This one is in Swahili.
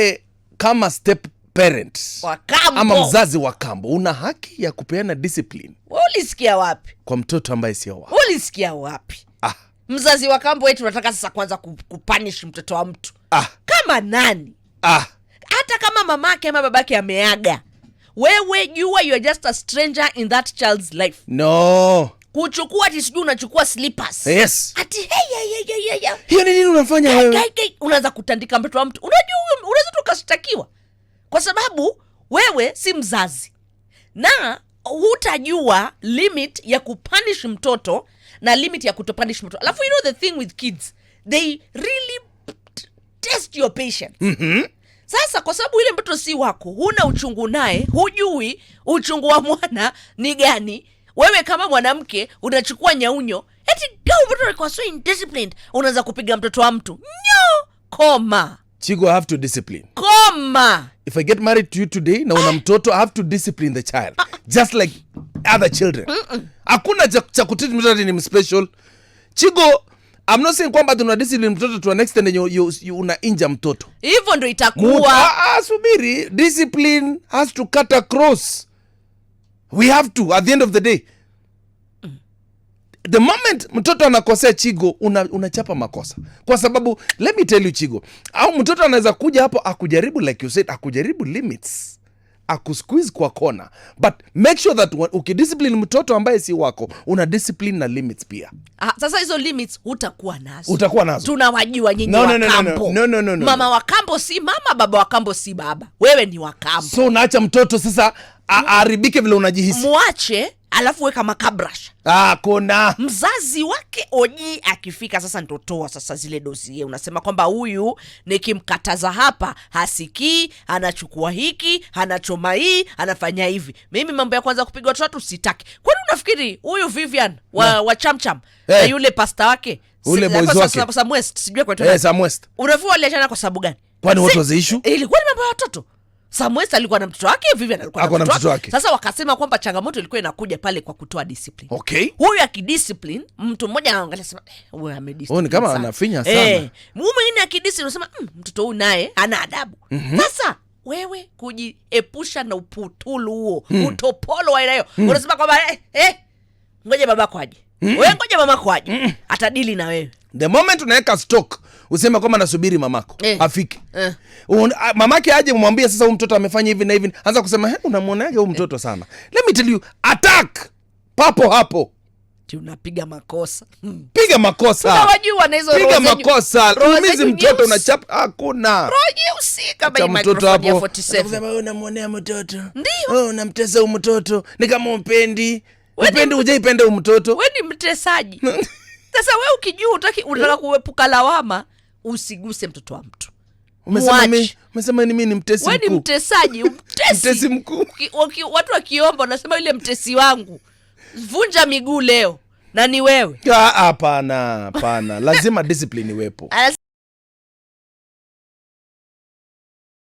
wewe kama step parent ama mzazi wa kambo una haki ya kupeana discipline. Ulisikia wapi? Kwa mtoto ambaye sio wako. Ulisikia wapi? Ah. Mzazi wa kambo wetu unataka sasa kwanza kupanish mtoto wa mtu ah. Kama nani? Ah. Hata kama mamake ama babake ameaga, wewe jua you are just a stranger in that child's life. No kuchukua ati sijui unachukua slippers. Yes. Ati hey, hey, hey, hey, hey. Hiyo ni nini unafanya wewe? Unaanza kutandika mtoto wa mtu. Unajua unaweza ukashtakiwa, kwa sababu wewe si mzazi na hutajua limit ya kupanish mtoto na limit ya kutopanish mtoto. Alafu you know the thing with kids they really test your patience. mm -hmm. Sasa kwa sababu ile mtoto si wako, huna uchungu naye, hujui uchungu wa mwana ni gani. Wewe kama mwanamke unachukua nyaunyo, eti mtoto so indisciplined, unaanza kupiga mtoto wa mtu nyo koma Chigo, I have to discipline. Koma. If I get married to you today na una mtoto, I have to discipline the child. Just like other children. Hakuna cha kutreat mtoto ni special. Chigo, I'm not saying kwamba una discipline mtoto to an extent you, you, you una inja mtoto. Hivyo ndo itakuwa. Ah, ah, subiri. Discipline has to cut across. We have to at the end of the day the moment mtoto anakosea Chigo una, unachapa makosa, kwa sababu let me tell you Chigo au mtoto anaweza kuja hapo akujaribu like you said, akujaribu limits akusqueeze kwa kona, but make sure that ukidiscipline mtoto ambaye si wako una discipline na limits pia. Ah, sasa hizo limits hutakuwa nazo, utakuwa nazo, tunawajua nyinyi no, Wakambo no, no, no, no, no, no. Mama wa kambo si mama, baba wa kambo si baba, wewe ni wa kambo so unaacha mtoto sasa aharibike vile unajihisi, mwache alafu weka makabrasha. Ah, kuna mzazi wake Oji akifika sasa, ntotoa sasa zile dosie, unasema kwamba huyu nikimkataza hapa hasikii, anachukua hiki, anachoma hii, anafanya hivi. Mimi mambo ya kwanza kupiga watu watu sitaki. Kwani unafikiri huyu Vivian wa, wa chamcham hey, na eh. yule pasta wake ule eh, waliachana kwa sababu gani? Kwani watu wazeishu ilikuwa ni mambo ya watoto Samwest alikuwa na mtoto wake, Vivian alikuwa na mtoto wake. Sasa wakasema kwamba changamoto ilikuwa inakuja pale kwa kutoa discipline. Okay. Huyu akidiscipline, mtu mmoja anaangalia sema, eh, eh, huyu amediscipline. kama anafinya sana. Eh, mwingine akidiscipline unasema, mmm, mtoto huyu naye ana adabu. mm-hmm. Sasa wewe kujiepusha na uputulu huo, mm. utopolo wa aina hiyo. Hmm. Unasema kwamba eh, eh, ngoja babako aje. Hmm. Wewe ngoja mamako aje. Hmm. Atadili na wewe. The moment unaweka stok useme kwamba nasubiri mamako eh, afike eh. Un, a, mamake aje mwambie sasa huyu mtoto amefanya hivi na hivi, anza kusema unamwonaje huyu mtoto eh. sana. Let me tell you, attack papo hapo unapiga makosa hmm. Piga makosa, piga makosa, umizi mtoto unachapa, hakuna mtoto hapo unamwonea mtoto, ndio unamtesa huyu mtoto, ni kama upendi upendi, hujaipenda huyu mtoto, we ni mtesaji Sasa we ukijua utaki unataka eh? kuepuka lawama, usiguse mtoto wa mtu. Umesema mimi ni mtesi ni mtesaji, mtesi. mkuu. Watu wakiomba wanasema ule mtesi wangu vunja miguu leo na ni wewe. Ah, hapana, hapana, lazima discipline iwepo.